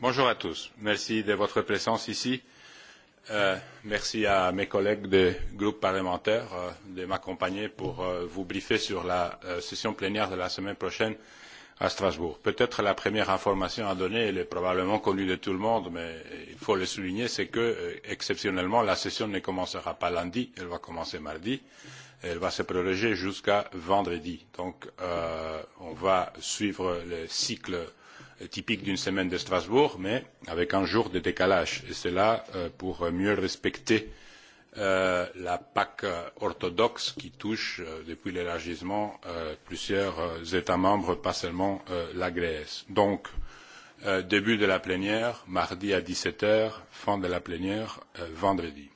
Bonjour à tous. Merci de votre présence ici. Merci à mes collègues des groupes parlementaires de m'accompagner pour vous briefer sur la session plénière de la semaine prochaine à Strasbourg. Peut-être la première information à donner, elle est probablement connue de tout le monde, mais il faut le souligner, c'est que, exceptionnellement, la session ne commencera pas lundi, elle va commencer mardi, et elle va se prolonger jusqu'à vendredi. Donc, on va suivre le cycle typique d'une semaine de Strasbourg, mais avec un jour de décalage, et cela pour mieux respecter la PAC orthodoxe qui touche, depuis l'élargissement, plusieurs États membres, pas seulement la Grèce. Donc, début de la plénière, mardi à 17h, fin de la plénière, vendredi.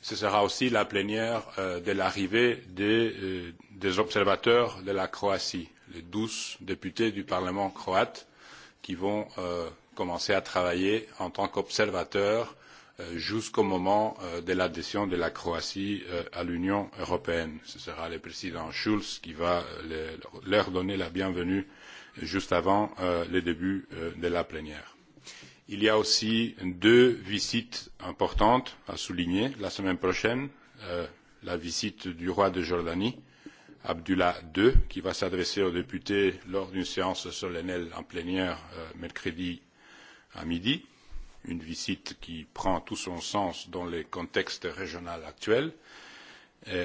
Ce sera aussi la plénière de l'arrivée des observateurs de la Croatie, les douze députés du Parlement croate qui vont commencer à travailler en tant qu'observateurs jusqu'au moment de l'adhésion de la Croatie à l'Union européenne. Ce sera le président Schulz qui va leur donner la bienvenue juste avant le début de la plénière. Il y a aussi deux visites importantes à souligner la semaine prochaine. La visite du roi de Jordanie Abdullah II, qui va s'adresser aux députés lors d'une séance solennelle en plénière mercredi à midi, une visite qui prend tout son sens dans les contextes régional actuel,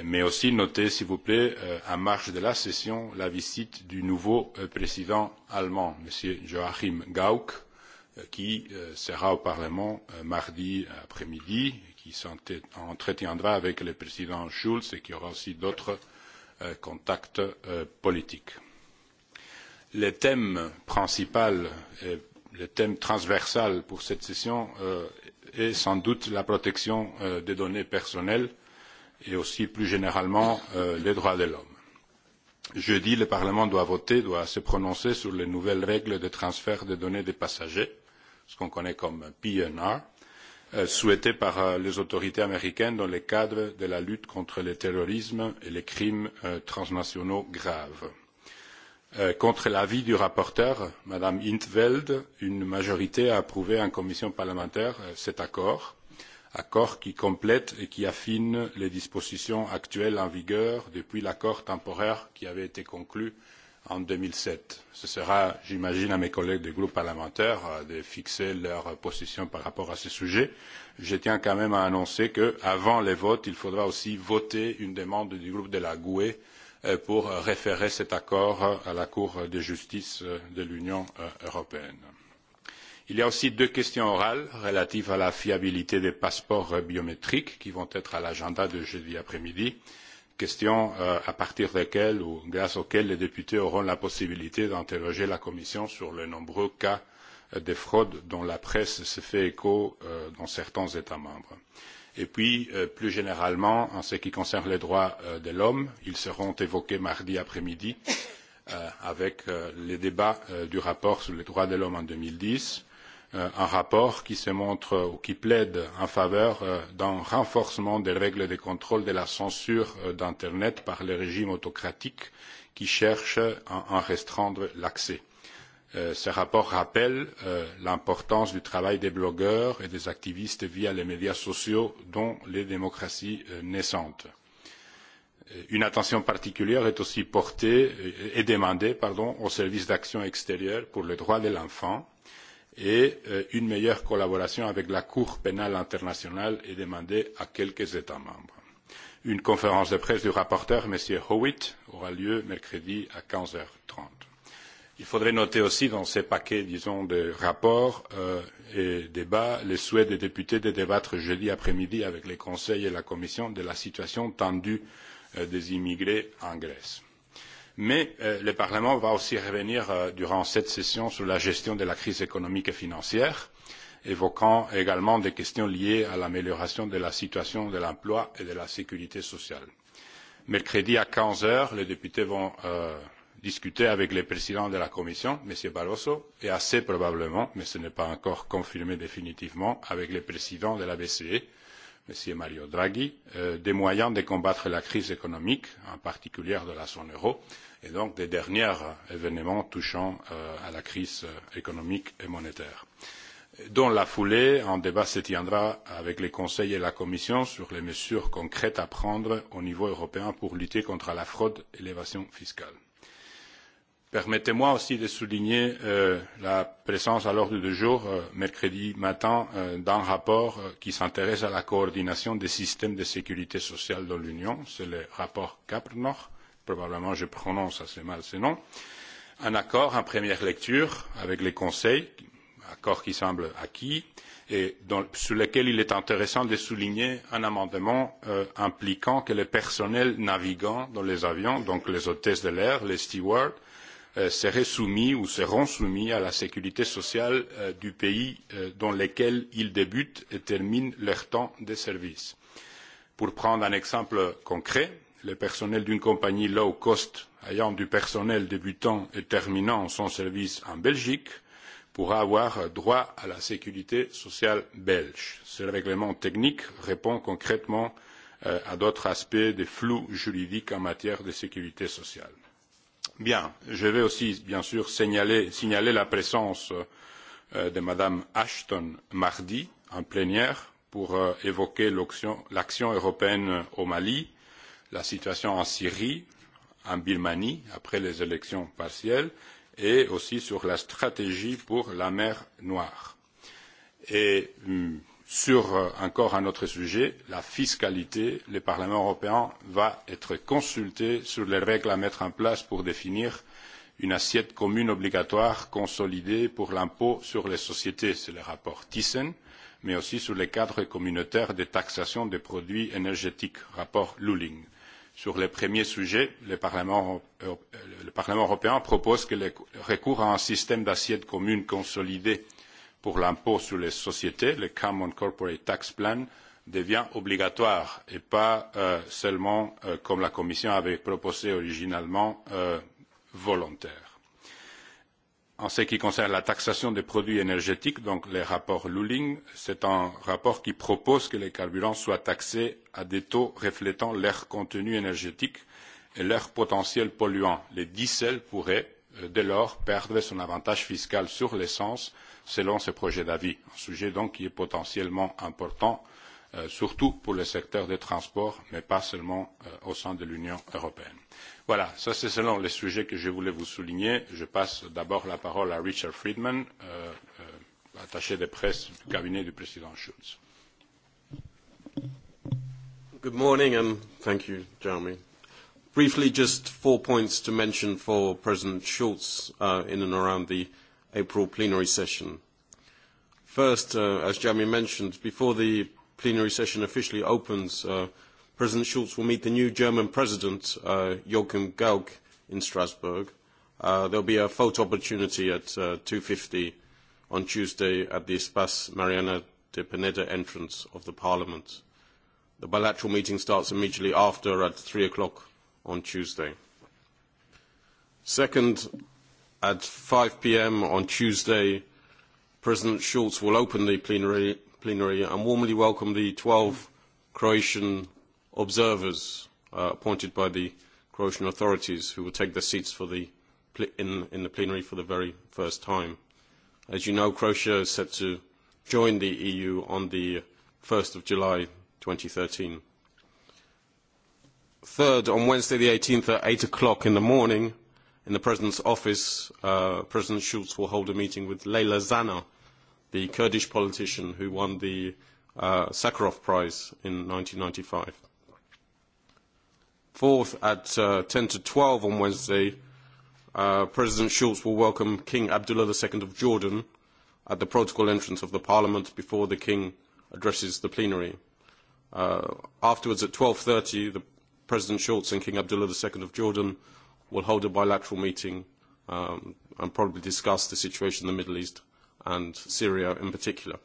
mais aussi notez, s'il vous plaît, en marge de la session, la visite du nouveau président allemand, M. Joachim Gauck, qui sera au Parlement mardi après-midi, qui s'entretiendra avec le président Schulz et qui aura aussi d'autres contact politique. Le thème principal et le thème transversal pour cette session est sans doute la protection des données personnelles et aussi plus généralement les droits de l'homme. Jeudi, le Parlement doit voter, doit se prononcer sur les nouvelles règles de transfert des données des passagers, ce qu'on connaît comme PNR souhaitée par les autorités américaines dans le cadre de la lutte contre le terrorisme et les crimes transnationaux graves. Contre l'avis du rapporteur, Mme in Veld, une majorité a approuvé en commission parlementaire cet accord, accord qui complète et qui affine les dispositions actuelles en vigueur depuis l'accord temporaire qui avait été conclu en 2007. Ce sera, j'imagine, à mes collègues des groupes parlementaires de fixer leur position par rapport à ce sujet. Je tiens quand même à annoncer qu'avant les votes, il faudra aussi voter une demande du groupe de la GUE pour référer cet accord à la Cour de justice de l'Union européenne. Il y a aussi deux questions orales relatives à la fiabilité des passeports biométriques qui vont être à l'agenda de jeudi après-midi question à partir desquelles ou grâce auxquelles les députés auront la possibilité d'interroger la Commission sur les nombreux cas de fraude dont la presse se fait écho dans certains États membres. Et puis, plus généralement, en ce qui concerne les droits de l'homme, ils seront évoqués mardi après-midi avec les débats du rapport sur les droits de l'homme en 2010 un rapport qui se montre ou qui plaide en faveur d'un renforcement des règles de contrôle de la censure d'internet par les régimes autocratiques qui cherchent à en restreindre l'accès. ce rapport rappelle l'importance du travail des blogueurs et des activistes via les médias sociaux dont les démocraties naissantes. Une attention particulière est aussi portée et demandée aux services d'action extérieure pour les droits de l'enfant et une meilleure collaboration avec la Cour pénale internationale est demandée à quelques États membres. Une conférence de presse du rapporteur, M. Howitt, aura lieu mercredi à 15h30. Il faudrait noter aussi dans ces paquets, disons, de rapports et débats, le souhait des députés de débattre jeudi après-midi avec les Conseil et la Commission de la situation tendue des immigrés en Grèce mais le parlement va aussi revenir durant cette session sur la gestion de la crise économique et financière évoquant également des questions liées à l'amélioration de la situation de l'emploi et de la sécurité sociale. mercredi à 15 heures les députés vont discuter avec le président de la commission m. barroso et assez probablement mais ce n'est pas encore confirmé définitivement avec le président de la bce m. mario draghi des moyens de combattre la crise économique en particulier de la zone euro et donc des derniers événements touchant à la crise économique et monétaire. Dans la foulée, un débat se tiendra avec le Conseil et la Commission sur les mesures concrètes à prendre au niveau européen pour lutter contre la fraude et l'évasion fiscale. Permettez-moi aussi de souligner la présence à l'ordre du jour, mercredi matin, d'un rapport qui s'intéresse à la coordination des systèmes de sécurité sociale dans l'Union. C'est le rapport Caprnor probablement je prononce assez mal ce nom, un accord en première lecture avec les conseils, accord qui semble acquis, et sur lequel il est intéressant de souligner un amendement impliquant que le personnel navigant dans les avions, donc les hôtesses de l'air, les stewards, seraient soumis ou seront soumis à la sécurité sociale du pays dans lequel ils débutent et terminent leur temps de service. Pour prendre un exemple concret, Le personnel d'une compagnie low cost ayant du personnel débutant et terminant son service en Belgique pourra avoir droit à la sécurité sociale belge. Ce règlement technique répond concrètement à d'autres aspects des flous juridiques en matière de sécurité sociale. Bien, je vais aussi bien sûr signaler la présence de Mme Ashton mardi en plénière pour évoquer l'action européenne au Mali la situation en Syrie, en Birmanie, après les élections partielles, et aussi sur la stratégie pour la mer Noire. Et sur encore un autre sujet, la fiscalité, le Parlement européen va être consulté sur les règles à mettre en place pour définir une assiette commune obligatoire consolidée pour l'impôt sur les sociétés. C'est le rapport Thyssen mais aussi sur le cadre communautaire de taxation des produits énergétiques, rapport Luling. Sur les premiers sujet, le Parlement européen propose que le recours à un système d'assiette commune consolidé pour l'impôt sur les sociétés, le Common Corporate Tax Plan, devient obligatoire et pas seulement, comme la Commission avait proposé originalement, volontaire. En ce qui concerne la taxation des produits énergétiques, donc le rapport Luling, c'est un rapport qui propose que les carburants soient taxés à des taux reflétant leur contenu énergétique et leur potentiel polluant. Les diesel pourraient dès lors, perdre son avantage fiscal sur l'essence, selon ce projet d'avis, un sujet donc qui est potentiellement important surtout pour le secteur des transports, mais pas seulement au sein de l'Union européenne. Voilà, ça c'est selon les sujets que je voulais vous souligner. Je passe d'abord la parole à Richard Friedman, attaché de presse du cabinet du président Schulz. Good morning and thank you, Jeremy. Briefly, just four points to mention for President Schulz in and around the April plenary session. First, as Jeremy mentioned, before the plenary session officially opens, President Schulz will meet the new German President, Joachim Gauck, in Strasbourg. There will be a photo opportunity at 2.50 on Tuesday at the Espace Mariana de Pineda entrance of the Parliament. The bilateral meeting starts immediately after at 3 o'clock on Tuesday. Second, at 5 p.m. on Tuesday, President Schulz will open the plenary plenary and warmly welcome the 12 Croatian observers appointed by the Croatian authorities who will take their seats for the in the plenary for the very first time. As you know, Croatia is set to join the EU on the 1st of July 2013. Third, on Wednesday the 18th at 8 o'clock in the morning, in the President's office, President Schulz will hold a meeting with Leyla Zana, the Kurdish politician who won the Sakharov Prize in 1995. Fourth, at 10 to 12 on Wednesday, President Schulz will welcome King Abdullah II of Jordan at the protocol entrance of the Parliament before the King addresses the plenary. Afterwards, at 12.30, President Schulz and King Abdullah II of Jordan will hold a bilateral meeting and probably discuss the situation in the Middle East and Syria in particular.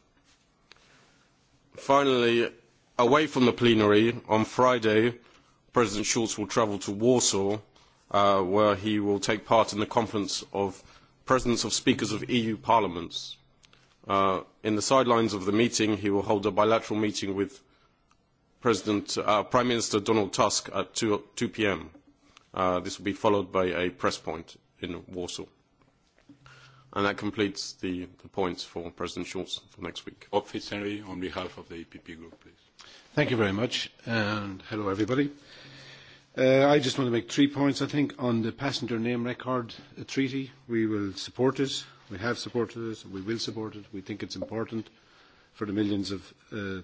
Finally, away from the plenary, on Friday, President Schulz will travel to Warsaw, where he will take part in the Conference of Presidents of Speakers of EU Parliaments. In the sidelines of the meeting, he will hold a bilateral meeting with Prime Minister Donald Tusk at 2 p.m. This will be followed by a press point in Warsaw. And that completes the points for President Schulz for next week. Office Henry, on behalf of the EPP Group, please. Thank you very much, and hello, everybody. I just want to make three points, I think, on the passenger name record treaty. We will support it. We have supported it. We will support it. We think it's important for the millions of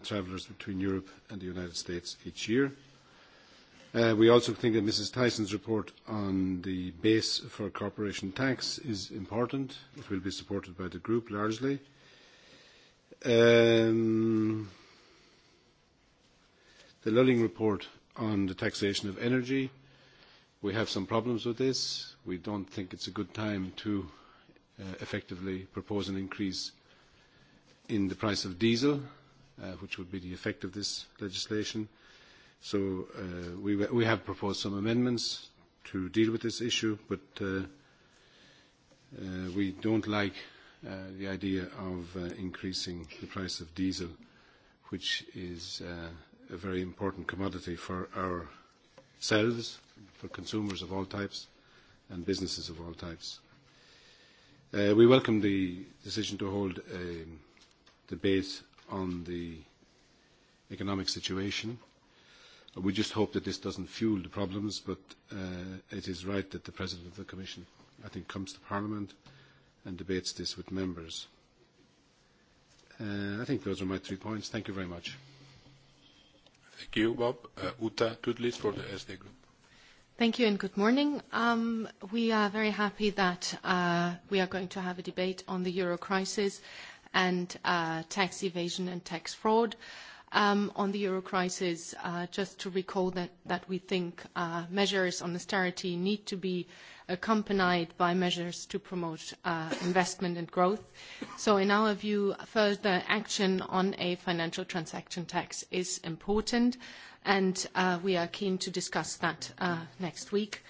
travellers between Europe and the United States each year. We also think that Mrs. Tyson's report on the base for corporation tax is important. It will be supported by the group largely. The Lulling report on the taxation of energy. We have some problems with this. We don't think it's a good time to effectively propose an increase in the price of diesel, which would be the effect of this legislation. So we have proposed some amendments to deal with this issue, but we don't like the idea of increasing the price of diesel, which is a very important commodity for ourselves, for consumers of all types and businesses of all types. We welcome the decision to hold a debate on the economic situation We just hope that this doesn't fuel the problems, but it is right that the President of the Commission, I think, comes to Parliament and debates this with members. I think those are my three points. Thank you very much. Thank you, Bob. Uta Tudlis for the SD Group. Thank you and good morning. We are very happy that we are going to have a debate on the euro crisis and tax evasion and tax fraud. On the euro crisis, just to recall that we think measures on austerity need to be accompanied by measures to promote investment and growth. So in our view, further action on a financial transaction tax is important, and we are keen to discuss that next week.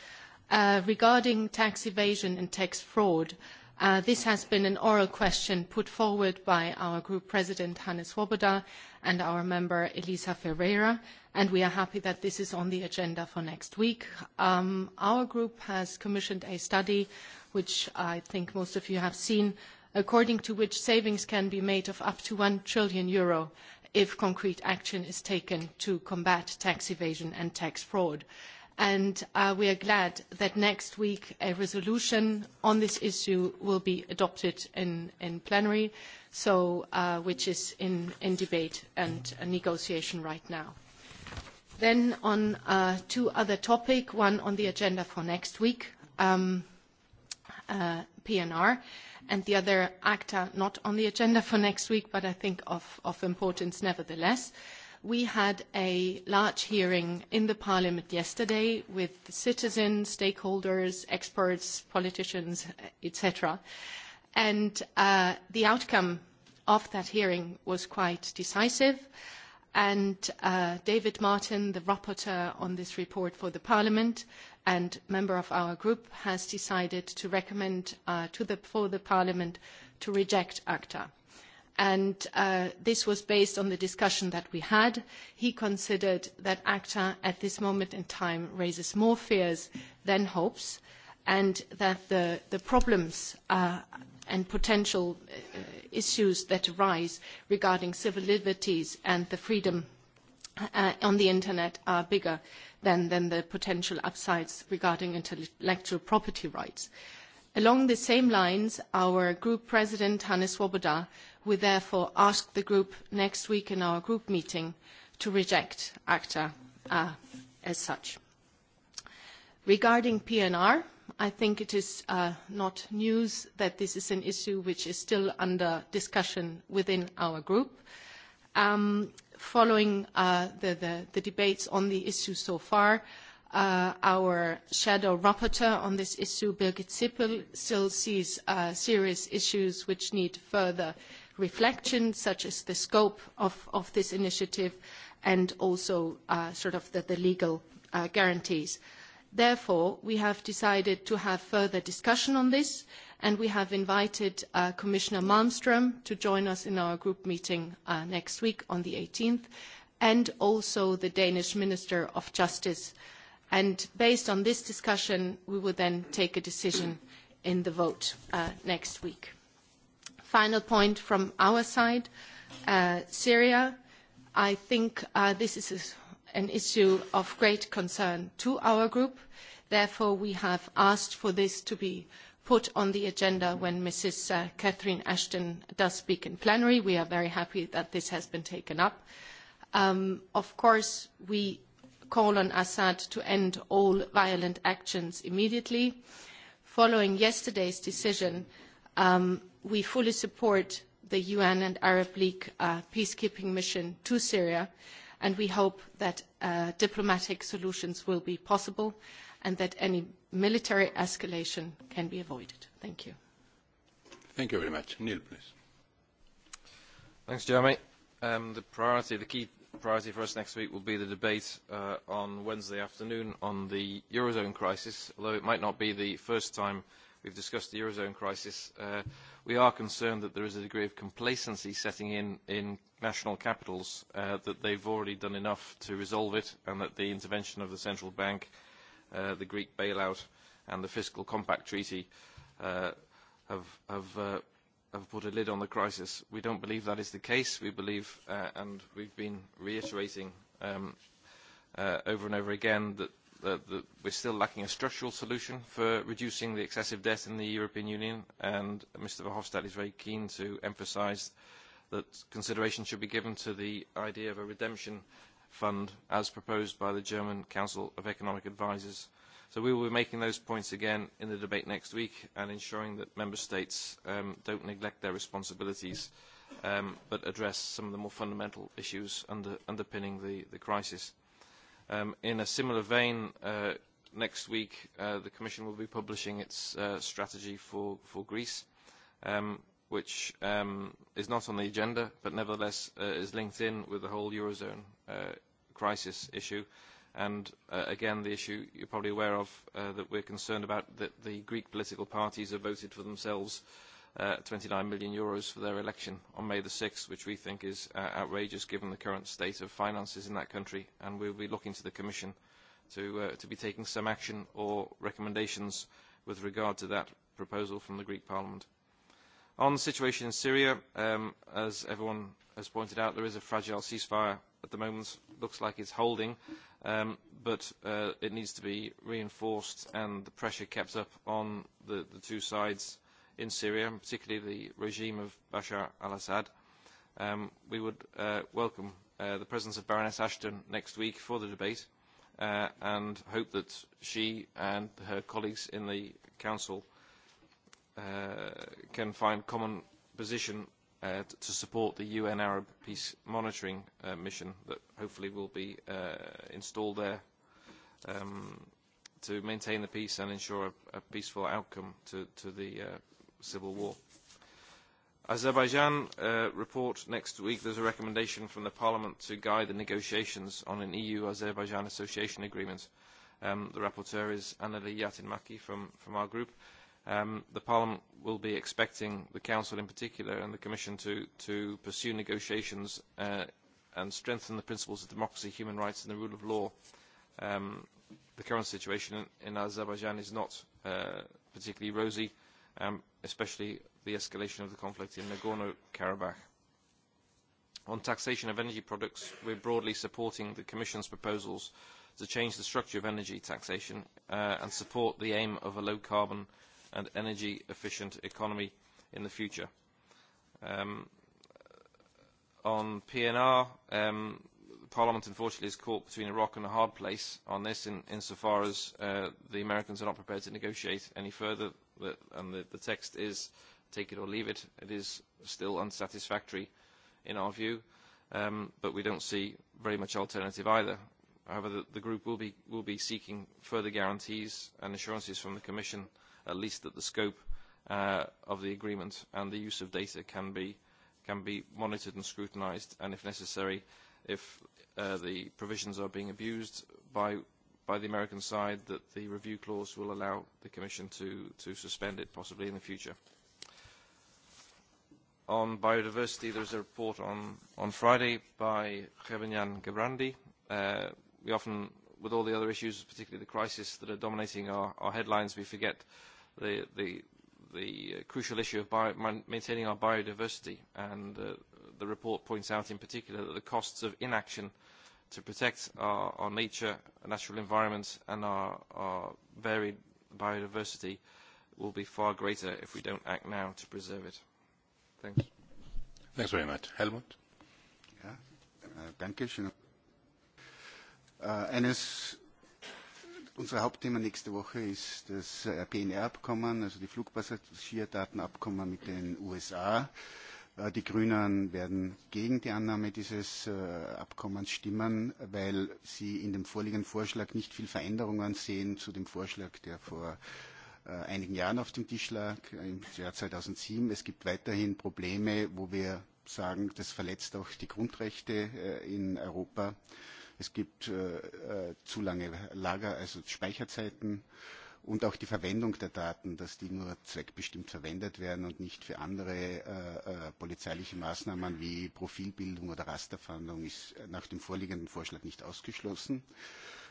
Regarding tax evasion and tax fraud, This has been an oral question put forward by our group president, Hannes Swoboda, and our member, Elisa Ferreira, and we are happy that this is on the agenda for next week. Our group has commissioned a study, which I think most of you have seen, according to which savings can be made of up to 1 trillion euro if concrete action is taken to combat tax evasion and tax fraud and we are glad that next week a resolution on this issue will be adopted in plenary, which is in debate and negotiation right now. Then on two other topics, one on the agenda for next week, PNR, and the other ACTA, not on the agenda for next week, but I think of importance nevertheless. We had a large hearing in the Parliament yesterday with citizens, stakeholders, experts, politicians, etc. And the outcome of that hearing was quite decisive. And David Martin, the rapporteur on this report for the Parliament and member of our group, has decided to recommend for the Parliament to reject ACTA and this was based on the discussion that we had. He considered that ACTA at this moment in time raises more fears than hopes and that the problems and potential issues that arise regarding civil liberties and the freedom on the Internet are bigger than the potential upsides regarding intellectual property rights. Along the same lines, our Group President, Hannes Swoboda, will therefore ask the Group next week in our Group meeting to reject ACTA as such. Regarding PNR, I think it is not news that this is an issue which is still under discussion within our Group. Following the debates on the issue so far, Our shadow rapporteur on this issue, Birgit Sippel, still sees serious issues which need further reflection, such as the scope of this initiative and also sort of the legal guarantees. Therefore, we have decided to have further discussion on this, and we have invited Commissioner Malmström to join us in our group meeting next week on the 18th, and also the Danish Minister of Justice And based on this discussion, we will then take a decision in the vote next week. Final point from our side, Syria. I think this is an issue of great concern to our group. Therefore, we have asked for this to be put on the agenda when Mrs. Catherine Ashton does speak in plenary. We are very happy that this has been taken up. Of course, we call on Assad to end all violent actions immediately. Following yesterday's decision, we fully support the UN and Arab League peacekeeping mission to Syria, and we hope that diplomatic solutions will be possible and that any military escalation can be avoided. Thank you. Thank you very much. Neil, please. Thanks, Jeremy. The priority, the key priority for us next week will be the debate on Wednesday afternoon on the Eurozone crisis. Although it might not be the first time we've discussed the Eurozone crisis, we are concerned that there is a degree of complacency setting in in national capitals that they've already done enough to resolve it and that the intervention of the Central Bank, the Greek bailout and the Fiscal Compact Treaty have have put a lid on the crisis. We don't believe that is the case. We believe, and we've been reiterating over and over again, that we're still lacking a structural solution for reducing the excessive debt in the European Union, and Mr Verhofstadt is very keen to emphasize that consideration should be given to the idea of a redemption fund as proposed by the German Council of Economic Advisers So we will be making those points again in the debate next week and ensuring that member states don't neglect their responsibilities but address some of the more fundamental issues underpinning the crisis. In a similar vein, next week the Commission will be publishing its strategy for Greece, which is not on the agenda but nevertheless is linked in with the whole Eurozone crisis issue And again, the issue you're probably aware of that we're concerned about, that the Greek political parties have voted for themselves 29 million euros for their election on May the 6th, which we think is outrageous given the current state of finances in that country. And we'll be looking to the Commission to be taking some action or recommendations with regard to that proposal from the Greek Parliament. On the situation in Syria, as everyone has pointed out, there is a fragile ceasefire at the moment. Looks like it's holding but it needs to be reinforced and the pressure kept up on the two sides in Syria, and particularly the regime of Bashar al-Assad. We would welcome the presence of Baroness Ashton next week for the debate and hope that she and her colleagues in the Council can find common position to support the UN Arab Peace Monitoring Mission that hopefully will be installed there to maintain the peace and ensure a peaceful outcome to the civil war. Azerbaijan report next week. There's a recommendation from the Parliament to guide the negotiations on an EU-Azerbaijan association agreement. The rapporteur is Anneli Yatinmaki from our group The Parliament will be expecting the Council in particular and the Commission to pursue negotiations and strengthen the principles of democracy, human rights and the rule of law. The current situation in Azerbaijan is not particularly rosy, especially the escalation of the conflict in Nagorno-Karabakh. On taxation of energy products, we are broadly supporting the Commission's proposals to change the structure of energy taxation and support the aim of a low-carbon and energy efficient economy in the future. On PNR, Parliament unfortunately is caught between a rock and a hard place on this insofar as the Americans are not prepared to negotiate any further and the text is take it or leave it. It is still unsatisfactory in our view, but we don't see very much alternative either. However, the group will be seeking further guarantees and assurances from the Commission at least that the scope of the agreement and the use of data can be can be monitored and scrutinized, and if necessary if the provisions are being abused by by the American side that the review clause will allow the Commission to to suspend it possibly in the future. On biodiversity there is a report on on Friday by Jan Gabrandi. We often with all the other issues, particularly the crisis that are dominating our headlines, we forget the crucial issue of maintaining our biodiversity. And the report points out in particular that the costs of inaction to protect our nature, our natural environment, and our varied biodiversity will be far greater if we don't act now to preserve it. Thanks. Thanks very much. Helmut? Eines unserer Hauptthemen nächste Woche ist das PNR-Abkommen, also die Flugpassagierdatenabkommen mit den USA. Die Grünen werden gegen die Annahme dieses Abkommens stimmen, weil sie in dem vorliegenden Vorschlag nicht viel Veränderungen sehen zu dem Vorschlag, der vor einigen Jahren auf dem Tisch lag, im Jahr 2007. Es gibt weiterhin Probleme, wo wir sagen, das verletzt auch die Grundrechte in Europa. Es gibt zu lange Lager, also Speicherzeiten und auch die Verwendung der Daten, dass die nur zweckbestimmt verwendet werden und nicht für andere polizeiliche Maßnahmen wie Profilbildung oder Rasterfahndung ist nach dem vorliegenden Vorschlag nicht ausgeschlossen.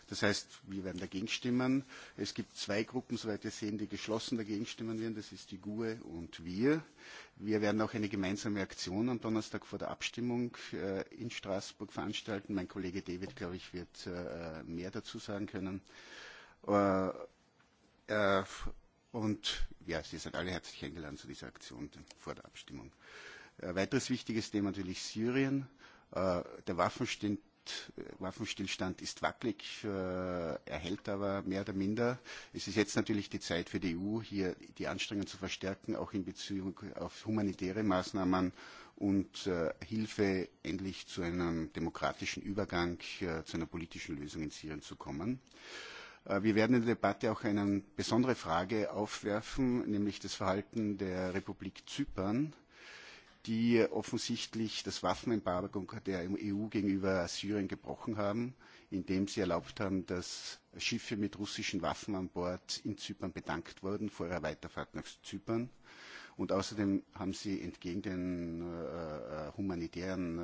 Das heißt, wir werden dagegen stimmen. Es gibt zwei Gruppen, soweit wir sehen, die geschlossen dagegen stimmen werden. Das ist die GUE und wir. Wir werden auch eine gemeinsame Aktion am Donnerstag vor der Abstimmung in Straßburg veranstalten. Mein Kollege David, glaube ich, wird mehr dazu sagen können. Und ja, Sie sind alle herzlich eingeladen zu dieser Aktion vor der Abstimmung. Ein weiteres wichtiges Thema natürlich Syrien. Der Waffenstillstand Der Waffenstillstand ist wackelig, erhält aber mehr oder minder. Es ist jetzt natürlich die Zeit für die EU, hier die Anstrengungen zu verstärken, auch in Bezug auf humanitäre Maßnahmen und Hilfe, endlich zu einem demokratischen Übergang, zu einer politischen Lösung in Syrien zu kommen. Wir werden in der Debatte auch eine besondere Frage aufwerfen, nämlich das Verhalten der Republik Zypern die offensichtlich das Waffenembargo der EU gegenüber Syrien gebrochen haben, indem sie erlaubt haben, dass Schiffe mit russischen Waffen an Bord in Zypern bedankt wurden vor ihrer Weiterfahrt nach Zypern. Und außerdem haben sie entgegen den humanitären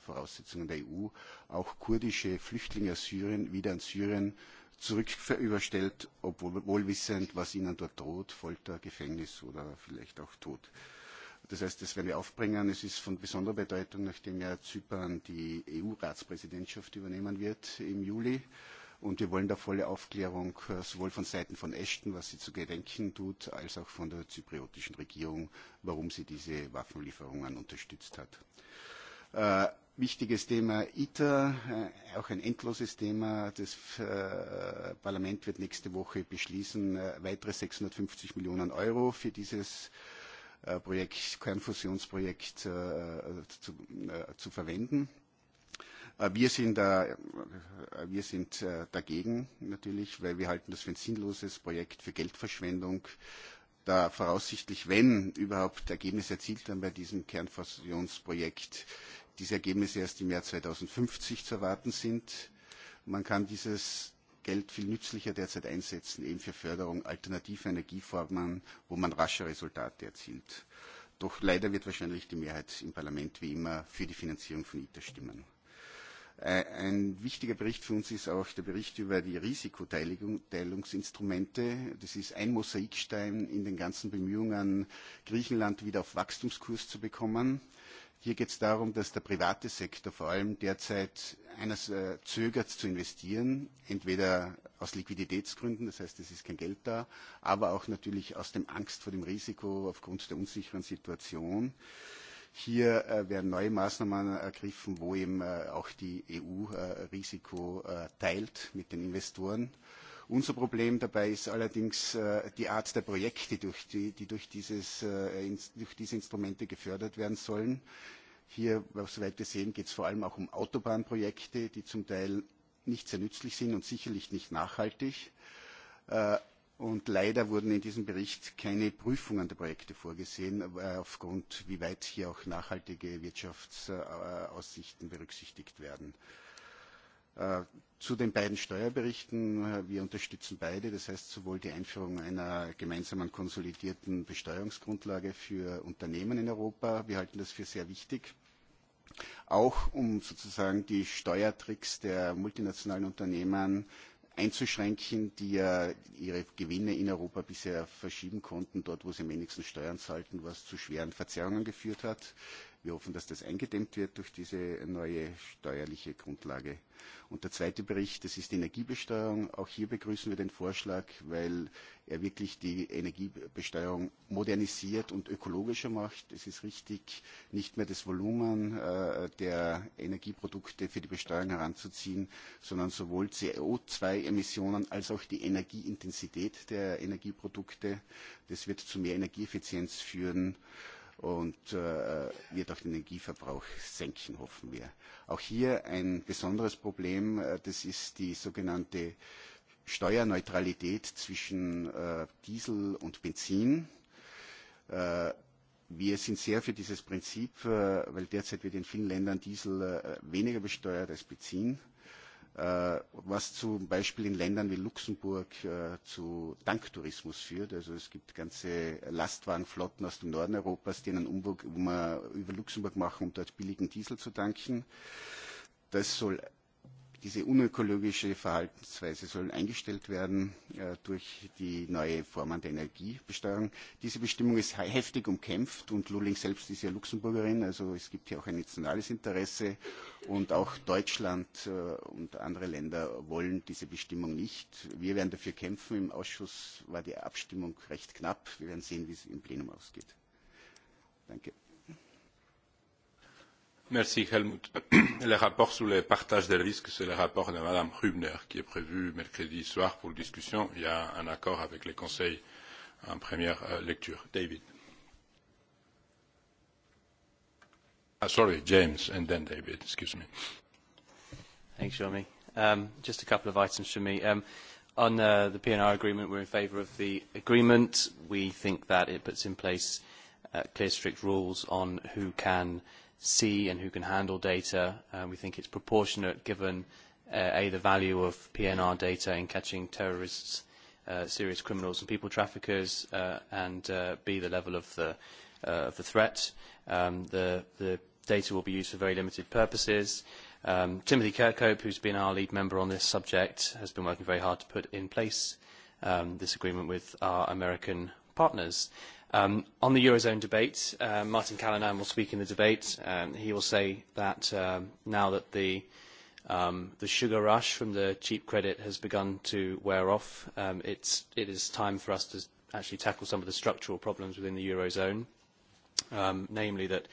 Voraussetzungen der EU auch kurdische Flüchtlinge aus Syrien wieder in Syrien zurücküberstellt, obwohl wissend, was ihnen dort droht, Folter, Gefängnis oder vielleicht auch Tod. Das heißt, das werden wir aufbringen. Es ist von besonderer Bedeutung, nachdem ja Zypern die EU-Ratspräsidentschaft übernehmen wird im Juli. Und wir wollen da volle Aufklärung sowohl von Seiten von Ashton, was sie zu gedenken tut, als auch von der zypriotischen Regierung, warum sie diese Waffenlieferungen unterstützt hat. Wichtiges Thema ITER, auch ein endloses Thema. Das Parlament wird nächste Woche beschließen, weitere 650 Millionen Euro für dieses Projekt, Kernfusionsprojekt zu verwenden. Wir sind dagegen natürlich, weil wir halten das für ein sinnloses Projekt für Geldverschwendung, da voraussichtlich, wenn überhaupt Ergebnisse erzielt werden bei diesem Kernfusionsprojekt, diese Ergebnisse erst im Jahr 2050 zu erwarten sind. Man kann dieses Geld viel nützlicher derzeit einsetzen, eben für Förderung alternativer Energieformen, wo man rasche Resultate erzielt. Doch leider wird wahrscheinlich die Mehrheit im Parlament wie immer für die Finanzierung von ITER stimmen. Ein wichtiger Bericht für uns ist auch der Bericht über die Risikoteilungsinstrumente. Das ist ein Mosaikstein in den ganzen Bemühungen, Griechenland wieder auf Wachstumskurs zu bekommen. Hier geht es darum, dass der private Sektor vor allem derzeit eines zögert zu investieren, entweder aus Liquiditätsgründen, das heißt, es ist kein Geld da, aber auch natürlich aus der Angst vor dem Risiko aufgrund der unsicheren Situation. Hier werden neue Maßnahmen ergriffen, wo eben auch die EU Risiko teilt mit den Investoren Unser Problem dabei ist allerdings die Art der Projekte, die durch diese Instrumente gefördert werden sollen. Hier, soweit wir sehen, geht es vor allem auch um Autobahnprojekte, die zum Teil nicht sehr nützlich sind und sicherlich nicht nachhaltig. Und leider wurden in diesem Bericht keine Prüfungen der Projekte vorgesehen, aufgrund wie weit hier auch nachhaltige Wirtschaftsaussichten berücksichtigt werden. Zu den beiden Steuerberichten. Wir unterstützen beide. Das heißt, sowohl die Einführung einer gemeinsamen konsolidierten Besteuerungsgrundlage für Unternehmen in Europa. Wir halten das für sehr wichtig. Auch um sozusagen die Steuertricks der multinationalen Unternehmen einzuschränken, die ja ihre Gewinne in Europa bisher verschieben konnten, dort wo sie am wenigsten Steuern zahlten, was zu schweren Verzerrungen geführt hat. Wir hoffen, dass das eingedämmt wird durch diese neue steuerliche Grundlage. Und der zweite Bericht, das ist die Energiebesteuerung. Auch hier begrüßen wir den Vorschlag, weil er wirklich die Energiebesteuerung modernisiert und ökologischer macht. Es ist richtig, nicht mehr das Volumen der Energieprodukte für die Besteuerung heranzuziehen, sondern sowohl CO2-Emissionen als auch die Energieintensität der Energieprodukte. Das wird zu mehr Energieeffizienz führen und wird auch den Energieverbrauch senken, hoffen wir. Auch hier ein besonderes Problem, das ist die sogenannte Steuerneutralität zwischen Diesel und Benzin. Wir sind sehr für dieses Prinzip, weil derzeit wird in vielen Ländern Diesel weniger besteuert als Benzin was zum Beispiel in Ländern wie Luxemburg zu Tanktourismus führt. Also es gibt ganze Lastwagenflotten aus dem Norden Europas, die einen Umweg über Luxemburg machen, um dort billigen Diesel zu tanken. Das soll Diese unökologische Verhaltensweise soll eingestellt werden durch die neue Form der Energiebesteuerung. Diese Bestimmung ist heftig umkämpft und Lulling selbst ist ja Luxemburgerin, also es gibt hier auch ein nationales Interesse und auch Deutschland und andere Länder wollen diese Bestimmung nicht. Wir werden dafür kämpfen. Im Ausschuss war die Abstimmung recht knapp. Wir werden sehen, wie es im Plenum ausgeht. Danke. Merci Helmut. Le rapport sur le partage des risques, c'est le rapport de Madame Rubner qui est prévu mercredi soir pour discussion. Il y a un accord avec le Conseil en première lecture. David. Sorry, James, and then David. Excuse me. Thanks, Jeremy. Just a couple of items for me. On the PNR agreement, we're in favour of the agreement. We think that it puts in place clear, strict rules on who can C and who can handle data. We think it's proportionate given, A, the value of PNR data in catching terrorists, serious criminals and people traffickers, and B, the level of the threat. The data will be used for very limited purposes. Timothy Kirkhope, who's been our lead member on this subject, has been working very hard to put in place this agreement with our American partners. On the Eurozone debate, Martin Callanan will speak in the debate. He will say that now that the sugar rush from the cheap credit has begun to wear off, it is time for us to actually tackle some of the structural problems within the Eurozone, namely that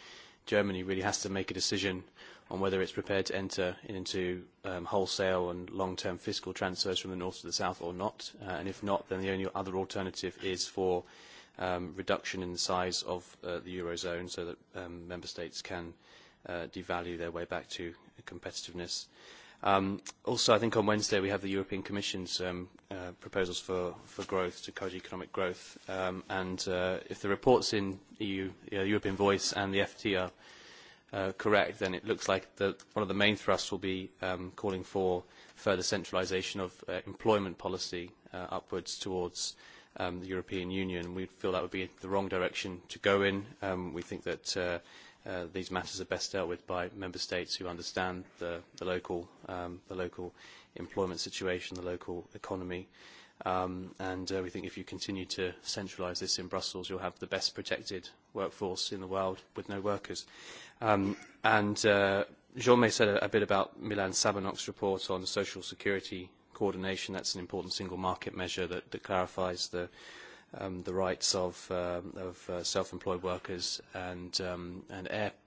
Germany really has to make a decision on whether it's prepared to enter into wholesale and long-term fiscal transfers from the north to the south or not. And if not, then the only other alternative is for reduction in the size of the eurozone so that member states can devalue their way back to competitiveness. Also, I think on Wednesday we have the European Commission's proposals for growth, to encourage economic growth. And if the reports in EU, European Voice and the FT are correct, then it looks like one of the main thrusts will be calling for further centralisation of employment policy upwards towards the European Union. We feel that would be the wrong direction to go in. We think that these matters are best dealt with by member states who understand the local employment situation, the local economy. And we think if you continue to centralise this in Brussels, you'll have the best protected workforce in the world with no workers. And Jean-May said a bit about Milan Sabanok's report on social security coordination. That's an important single market measure that clarifies the rights of self-employed workers and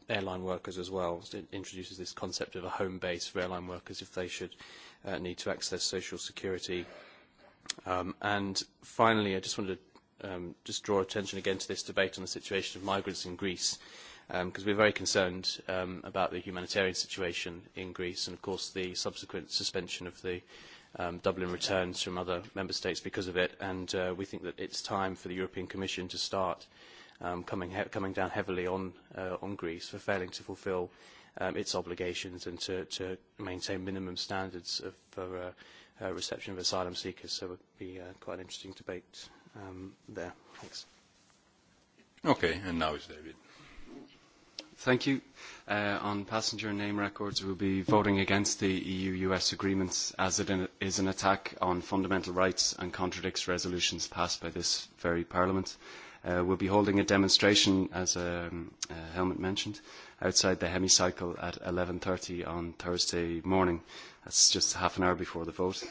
airline workers as well. It introduces this concept of a home base for airline workers if they should need to access social security. And finally, I just wanted to just draw attention again to this debate on the situation of migrants in Greece, because we're very concerned about the humanitarian situation in Greece and, of course, the subsequent suspension of the Dublin returns from other member states because of it, and we think that it's time for the European Commission to start coming down heavily on Greece for failing to fulfil its obligations and to maintain minimum standards for reception of asylum seekers. So it would be quite an interesting debate there. Thanks. Okay, and now is David. Thank you. On passenger name records, we'll be voting against the EU-US agreements as it is an attack on fundamental rights and contradicts resolutions passed by this very Parliament. We'll be holding a demonstration, as Helmut mentioned, outside the hemicycle at 11.30 on Thursday morning. That's just half an hour before the vote.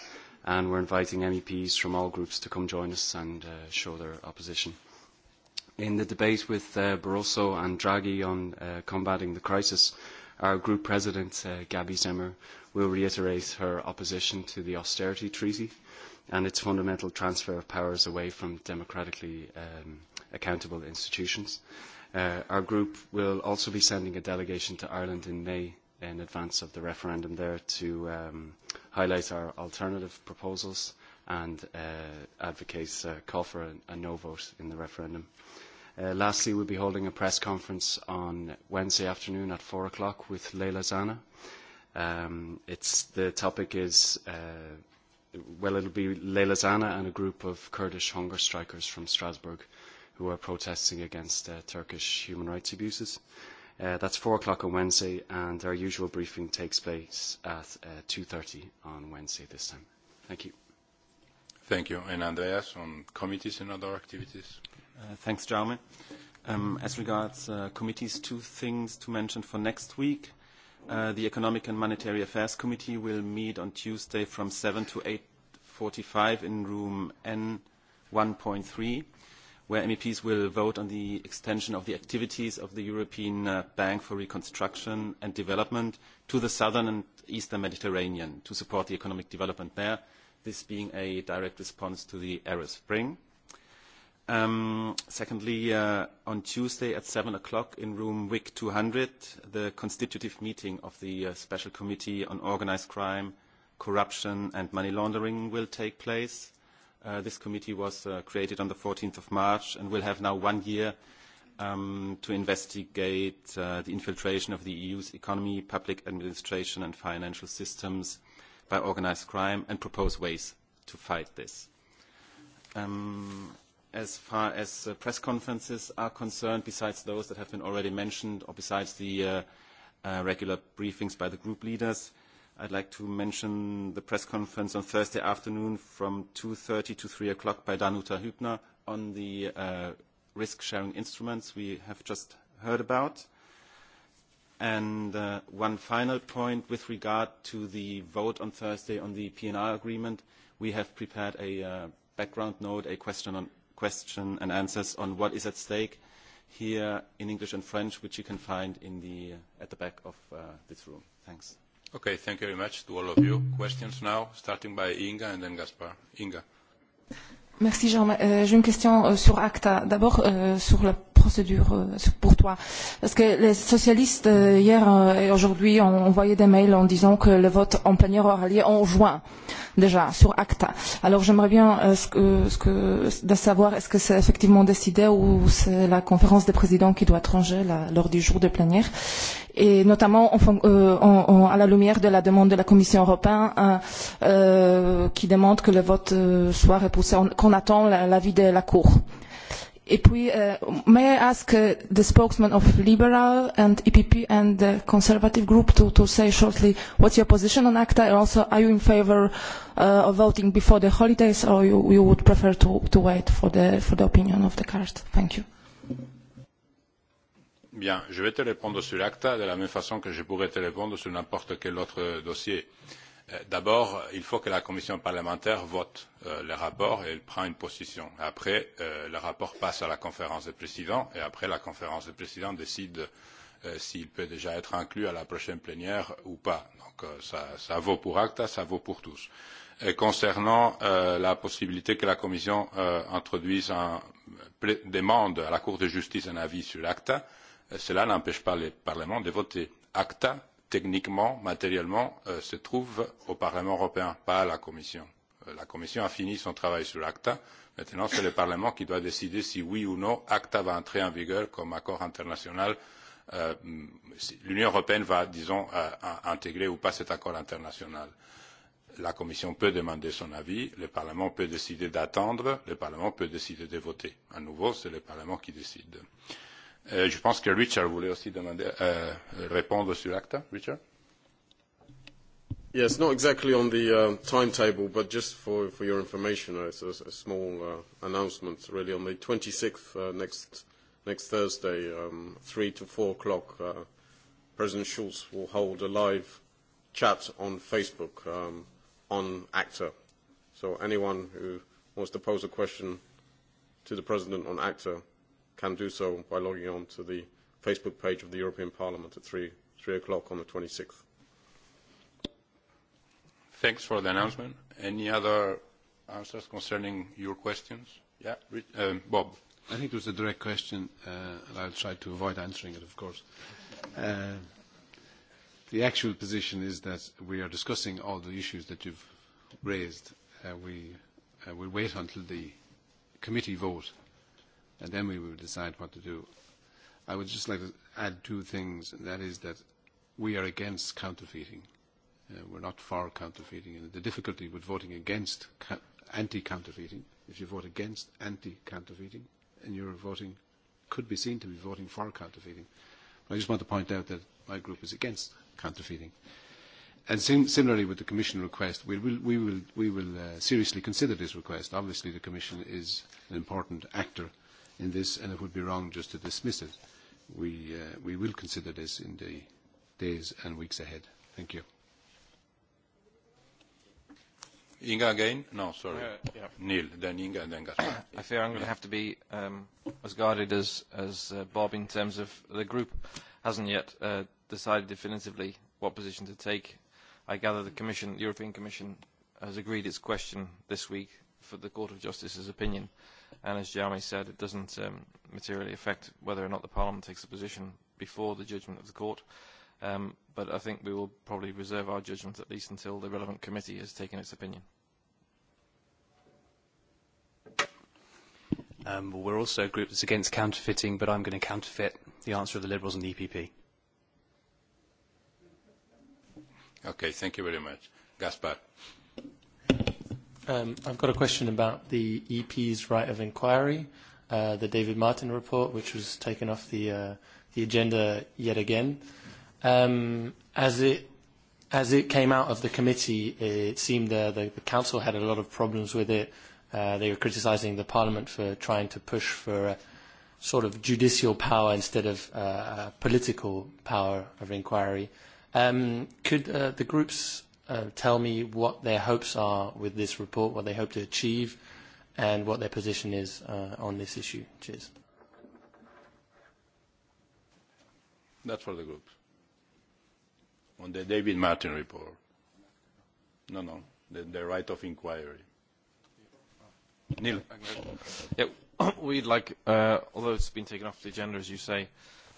And we're inviting MEPs from all groups to come join us and show their opposition. In the debate with Barroso and Draghi on combating the crisis, our group president, Gabi Zimmer, will reiterate her opposition to the austerity treaty and its fundamental transfer of powers away from democratically accountable institutions. Our group will also be sending a delegation to Ireland in May in advance of the referendum there to highlight our alternative proposals and advocates call for a no vote in the referendum. Lastly, we'll be holding a press conference on Wednesday afternoon at 4 o'clock with Leila Zana. The topic is, well, it'll be Leila Zana and a group of Kurdish hunger strikers from Strasbourg who are protesting against Turkish human rights abuses. That's 4 o'clock on Wednesday, and our usual briefing takes place at 2.30 on Wednesday this time. Thank you. Thank you. And Andreas, on committees and other activities? Thanks, Jaume. As regards committees, two things to mention for next week. The Economic and Monetary Affairs Committee will meet on Tuesday from 7 to 8.45 in room N1.3, where MEPs will vote on the extension of the activities of the European Bank for Reconstruction and Development to the southern and eastern Mediterranean to support the economic development there this being a direct response to the Arab Spring. Secondly, on Tuesday at 7 o'clock in room WIC 200, the constitutive meeting of the Special Committee on Organized Crime, Corruption and Money Laundering will take place. This committee was created on the 14th of March and will have now one year to investigate the infiltration of the EU's economy, public administration and financial systems by organised crime and propose ways to fight this. As far as press conferences are concerned, besides those that have been already mentioned, or besides the regular briefings by the group leaders, I'd like to mention the press conference on Thursday afternoon from 2.30 to 3 o'clock by Danuta Hübner on the risk-sharing instruments we have just heard about. And one final point with regard to the vote on Thursday on the PNR agreement, we have prepared a background note, a question and answers on what is at stake here in English and French, which you can find at the back of this room. Thanks. Okay, thank you very much to all of you. Questions now, starting by Inga and then Gaspar. Inga. Merci, Jean. J'ai une question sur ACTA. D'abord, sur la procédure pour toi Parce que les socialistes, hier et aujourd'hui, ont envoyé des mails en disant que le vote en plénière aura lieu en juin, déjà, sur ACTA. Alors j'aimerais bien de savoir est-ce que c'est effectivement décidé ou c'est la conférence des présidents qui doit trancher lors du jour de plénière et notamment à la lumière de la demande de la Commission européenne qui demande que le vote soit repoussé, qu'on attend l'avis de la Cour Et puis, may I ask the spokesman of Liberal and EPP and the Conservative group to say shortly what's your position on ACTA? And also, are you in favour of voting before the holidays, or you would prefer to wait for the for the opinion of the Court? Thank you. Bien, je vais te répondre sur l'ACTA de la même façon que je pourrais te répondre sur n'importe quel autre dossier D'abord, il faut que la commission parlementaire vote le rapport et elle prend une position. Après, le rapport passe à la conférence des présidents et après, la conférence des présidents décide s'il peut déjà être inclus à la prochaine plénière ou pas. Donc, ça vaut pour ACTA, ça vaut pour tous. Concernant la possibilité que la commission introduise, demande à la Cour de justice un avis sur l'ACTA, cela n'empêche pas le Parlement de voter. ACTA techniquement, matériellement, se trouve au Parlement européen, pas à la Commission. La Commission a fini son travail sur l'ACTA, Maintenant, c'est le Parlement qui doit décider si oui ou non ACTA va entrer en vigueur comme accord international. L'Union européenne va, disons, intégrer ou pas cet accord international. La Commission peut demander son avis, le Parlement peut décider d'attendre, le Parlement peut décider de voter. À nouveau, c'est le Parlement qui décide. Je pense que Richard voulait aussi demander, répondre sur l'acte. Richard? Yes, not exactly on the timetable, but just for for your information, it's a small announcement really. On the 26th, next next Thursday, um, 3 to 4 o'clock, President Schulz will hold a live chat on Facebook um, on ACTA. So anyone who wants to pose a question to the President on ACTA can do so by logging on to the Facebook page of the European Parliament at 3 o'clock on the 26th. Thanks for the announcement. Any other answers concerning your questions? Yeah, Bob. I think it was a direct question, and I'll try to avoid answering it, of course. The actual position is that we are discussing all the issues that you've raised. We will wait until the committee vote and then we will decide what to do. I would just like to add two things, and that is that we are against counterfeiting. We're not for counterfeiting, and the difficulty with voting against anti-counterfeiting, if you vote against anti-counterfeiting, and you're voting, could be seen to be voting for counterfeiting. I just want to point out that my group is against counterfeiting. And similarly with the Commission request, we will seriously consider this request. Obviously, the Commission is an important actor in this, and it would be wrong just to dismiss it. We we will consider this in the days and weeks ahead. Thank you. Inga again? No, sorry. Neil, then Inga, and then Gaspar. I fear I'm going to have to be as guarded as as Bob in terms of the group hasn't yet decided definitively what position to take. I gather the Commission, the European Commission, has agreed its question this week for the Court of Justice's opinion. And as Jeremy said, it doesn't materially affect whether or not the Parliament takes a position before the judgment of the court. But I think we will probably reserve our judgment at least until the relevant committee has taken its opinion. We're also a group that's against counterfeiting, but I'm going to counterfeit the answer of the Liberals and the EPP. Okay, thank you very much. Gaspar. I've got a question about the EP's right of inquiry, the David Martin report, which was taken off the the agenda yet again. As it as it came out of the committee, it seemed the council had a lot of problems with it. They were criticising the Parliament for trying to push for a sort of judicial power instead of political power of inquiry. Could the groups tell me what their hopes are with this report, what they hope to achieve, and what their position is on this issue. Cheers. That's for the group. On the David Martin report. No, no, the, right of inquiry. Neil. we'd like, although it's been taken off the agenda, as you say,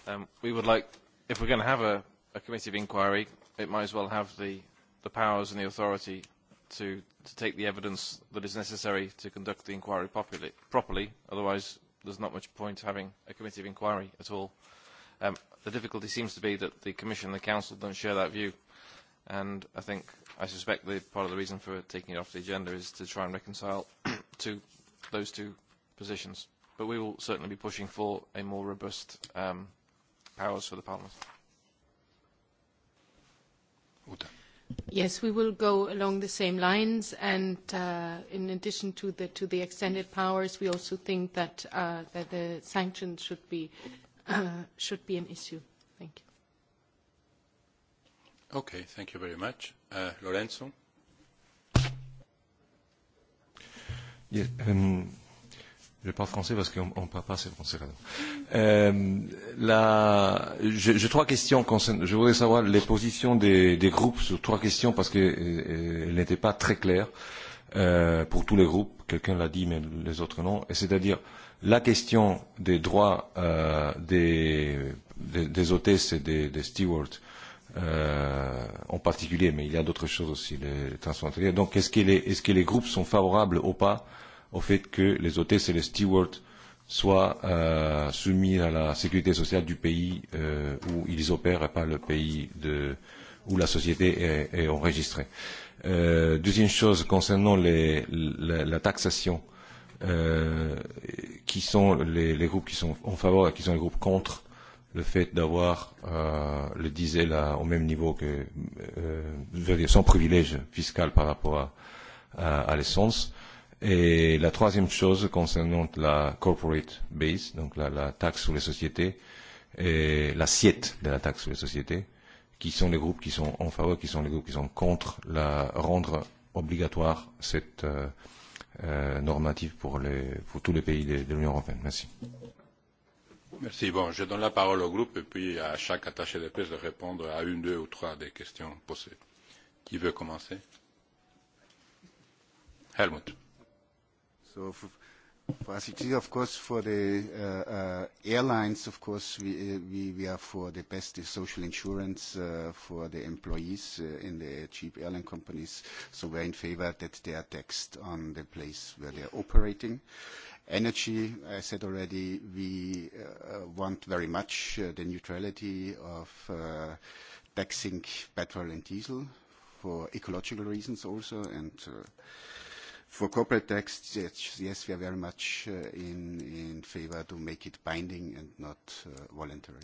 um, we would like, if we're going to have a, a committee of inquiry, it might as well have the the powers and the authority to to take the evidence that is necessary to conduct the inquiry properly. Otherwise, there's not much point having a committee of inquiry at all. The difficulty seems to be that the Commission and the Council don't share that view. And I think, I suspect part of the reason for taking it off the agenda is to try and reconcile to those two positions. But we will certainly be pushing for a more robust powers for the Parliament. Yes, we will go along the same lines, and in addition to the to the extended powers, we also think that that the sanctions should be should be an issue. Thank you. Okay, thank you very much, Lorenzo. Yes. Je parle français parce qu'on ne parle pas assez français. J'ai trois questions. Je voudrais savoir les positions des groupes sur trois questions parce qu'elles n'étaient pas très claires pour tous les groupes. Quelqu'un l'a dit, mais les autres non. C'est-à-dire la question des droits des hôtesses et des stewards en particulier, mais il y a d'autres choses aussi, les transfrontaliers. Donc, est-ce que les groupes sont favorables ou pas au fait que les hôtesses et les stewards soient soumis à la sécurité sociale du pays où ils opèrent et pas le pays où la société est enregistrée. Deuxième chose, concernant la taxation, qui sont les groupes qui sont en faveur et qui sont les groupes contre le fait d'avoir le diesel au même niveau que, sans privilège fiscal par rapport à l'essence Et la troisième chose concernant la corporate base, donc la taxe sur les sociétés, et l'assiette de la taxe sur les sociétés, qui sont les groupes qui sont en faveur, qui sont les groupes qui sont contre la rendre obligatoire cette normative pour les pour tous les pays de l'Union européenne. Merci. Merci. Bon, je donne la parole au groupe et puis à chaque attaché de presse de répondre à une, deux ou trois des questions posées. Qui veut commencer? Helmut. So for of course, for the airlines, of course, we we are for the best social insurance for the employees in the cheap airline companies. So we are in favor that they are taxed on the place where they are operating. Energy, I said already, we want very much the neutrality of taxing petrol and diesel for ecological reasons also and For corporate tax, yes, we are very much in favor to make it binding and not voluntary.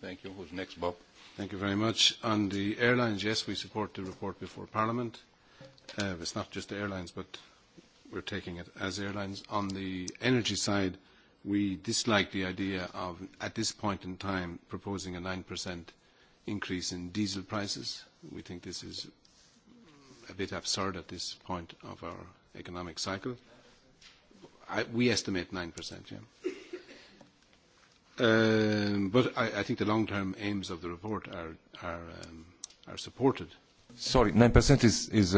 Thank you. Who's next, Bob? Thank you very much. On the airlines, yes, we support the report before Parliament. It's not just the airlines, but we're taking it as airlines. On the energy side, we dislike the idea of, at this point in time, proposing a 9% increase in diesel prices. We think this is a bit absurd at this point of our economic cycle. We estimate 9%, yeah. But I think the long-term aims of the report are are supported. Sorry, 9% is is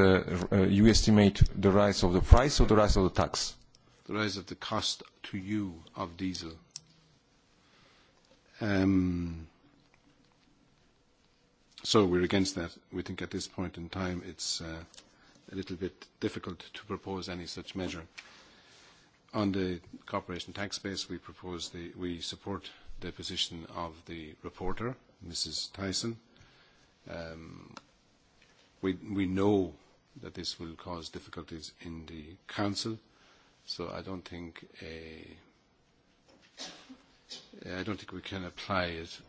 you estimate the rise of the price or the rise of the tax? The rise of the cost to you of diesel. Um So we're against that. We think at this point in time it's a little bit difficult to propose any such measure. On the corporation tax base, we support the position of the reporter, Mrs. Tyson. We know that this will cause difficulties in the council, so I I don't think we can apply it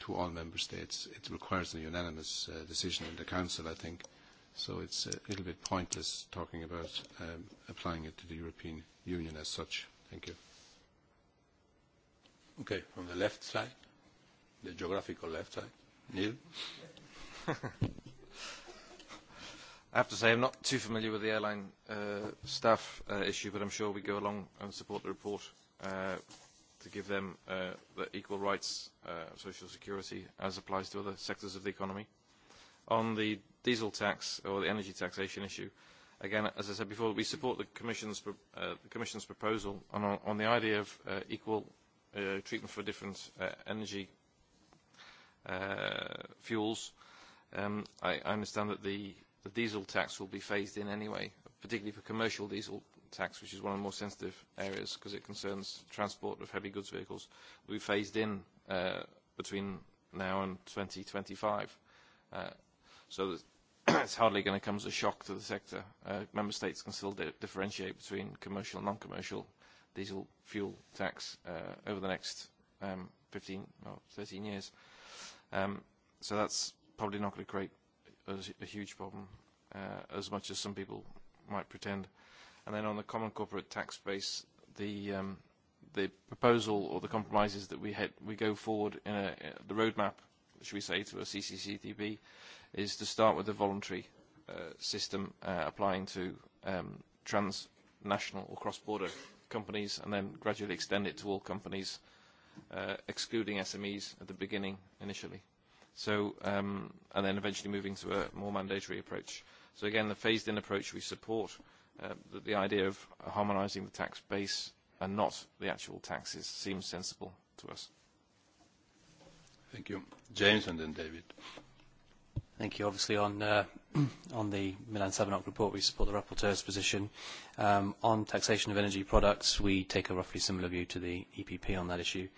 to all member states. It requires a unanimous decision in the Council, I think, so it's a little bit pointless talking about applying it to the European Union as such. Thank you. Okay, from the left side, the geographical left side. Neil? I have to say I'm not too familiar with the airline staff issue, but I'm sure we go along and support the report to give them the equal rights of social security as applies to other sectors of the economy. On the diesel tax or the energy taxation issue, again, as I said before, we support the Commission's the Commission's proposal on the idea of equal treatment for different energy fuels. I understand that the the diesel tax will be phased in anyway, particularly for commercial diesel tax, which is one of the more sensitive areas because it concerns transport of heavy goods vehicles, will be phased in between now and 2025. So it's hardly going to come as a shock to the sector. Member states can still differentiate between commercial and non-commercial diesel fuel tax over the next 15 or 13 years. So that's probably not going to create a huge problem as much as some people might pretend. And then on the common corporate tax base, the proposal or the compromises that we we go forward in a the roadmap, should we say, to a CCCTB, is to start with a voluntary system applying to transnational or cross-border companies, and then gradually extend it to all companies, excluding SMEs at the beginning initially. So, and then eventually moving to a more mandatory approach. So again, the phased-in approach we support. That the idea of harmonising the tax base and not the actual taxes seems sensible to us. Thank you. James and then David. Thank you. Obviously, on on the Milan Sabanok report, we support the rapporteur's position. On taxation of energy products, we take a roughly similar view to the EPP on that issue.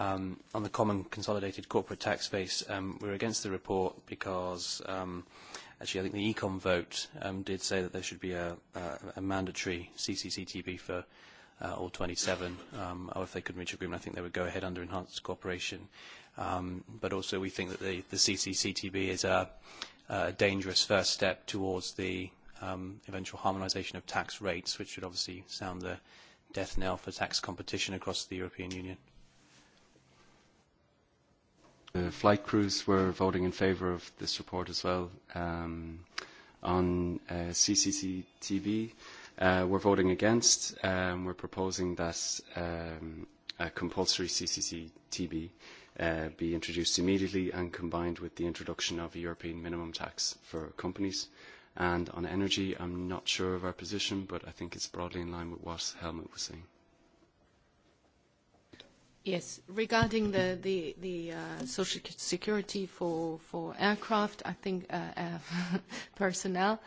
On the common consolidated corporate tax base, we're against the report because actually I think the Econ vote did say that there should be a mandatory CCCTB for all 27, or if they couldn't reach agreement, I think they would go ahead under enhanced cooperation. But also we think that the CCCTB is a dangerous first step towards the eventual harmonisation of tax rates, which would obviously sound the death knell for tax competition across the European Union. The flight crews were voting in favour of this report as well. Um, on CCTV, uh, we're voting against. Um, we're proposing that um, a compulsory CCC uh, be introduced immediately and combined with the introduction of a European minimum tax for companies. And on energy, I'm not sure of our position, but I think it's broadly in line with what Helmut was saying. Yes. Regarding the social security for aircraft, I think personnel,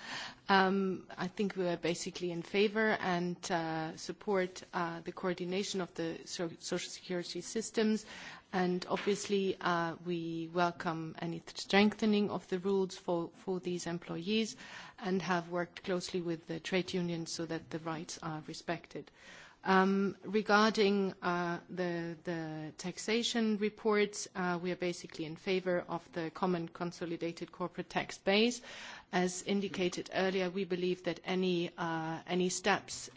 I think we are basically in favor and support the coordination of the social security systems, and obviously we welcome any strengthening of the rules for these employees, and have worked closely with the trade unions so that the rights are respected. Regarding the taxation reports, we are basically in favor of the common consolidated corporate tax base. As indicated earlier, we believe that any steps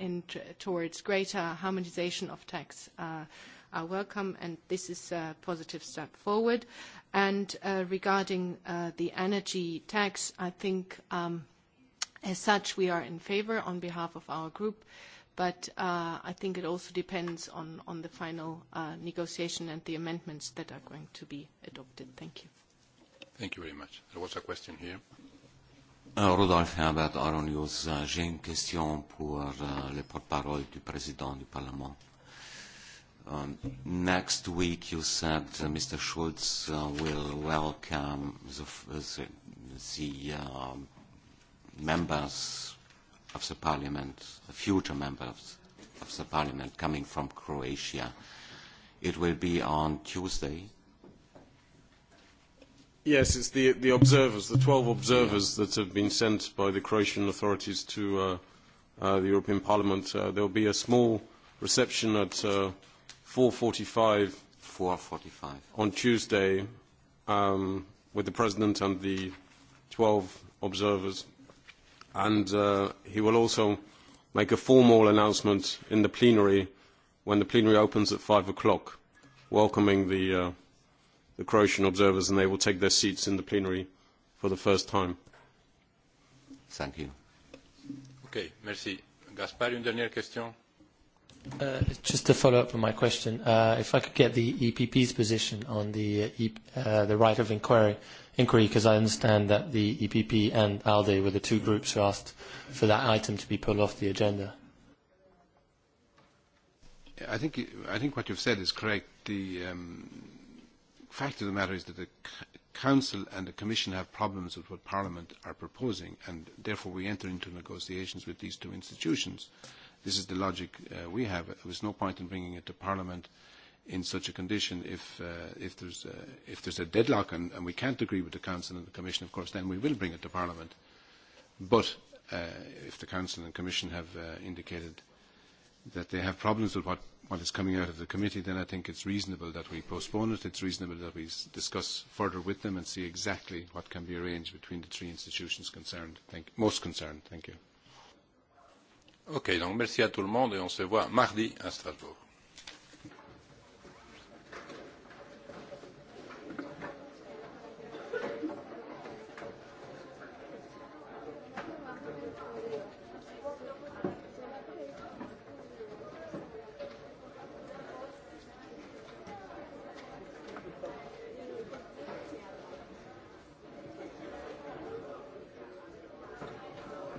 towards greater harmonization of tax are welcome, and this is a positive step forward. And regarding the energy tax, I think as such we are in favor on behalf of our group but I think it also depends on on the final negotiation and the amendments that are going to be adopted. Thank you. Thank you very much. There was a question here. Rodolphe Herbert, Euronews. News. J'ai une question pour le porte-parole du président du Parlement. Next week, you said Mr. Schulz will welcome the members of the parliament, a future member of the parliament coming from Croatia. It will be on Tuesday. Yes, it's the the observers, the 12 observers that have been sent by the Croatian authorities to the European Parliament. There will be a small reception at 4:45 4:45 on Tuesday with the President and the 12 observers and he will also make a formal announcement in the plenary when the plenary opens at 5 o'clock, welcoming the Croatian observers, and they will take their seats in the plenary for the first time. Thank you. Okay, merci. Gaspar, une dernière question Just to follow up on my question, if I could get the EPP's position on the right of inquiry, because I understand that the EPP and ALDE were the two groups who asked for that item to be pulled off the agenda. I think I think what you've said is correct. The fact of the matter is that the Council and the Commission have problems with what Parliament are proposing, and therefore we enter into negotiations with these two institutions This is the logic we have. There is no point in bringing it to Parliament in such a condition if if there's a deadlock and we can't agree with the Council and the Commission, of course, then we will bring it to Parliament. But if the Council and Commission have indicated that they have problems with what what is coming out of the committee, then I think it's reasonable that we postpone it. It's reasonable that we discuss further with them and see exactly what can be arranged between the three institutions concerned, most concerned. Thank you. Ok, donc merci à tout le monde et on se voit mardi à Strasbourg.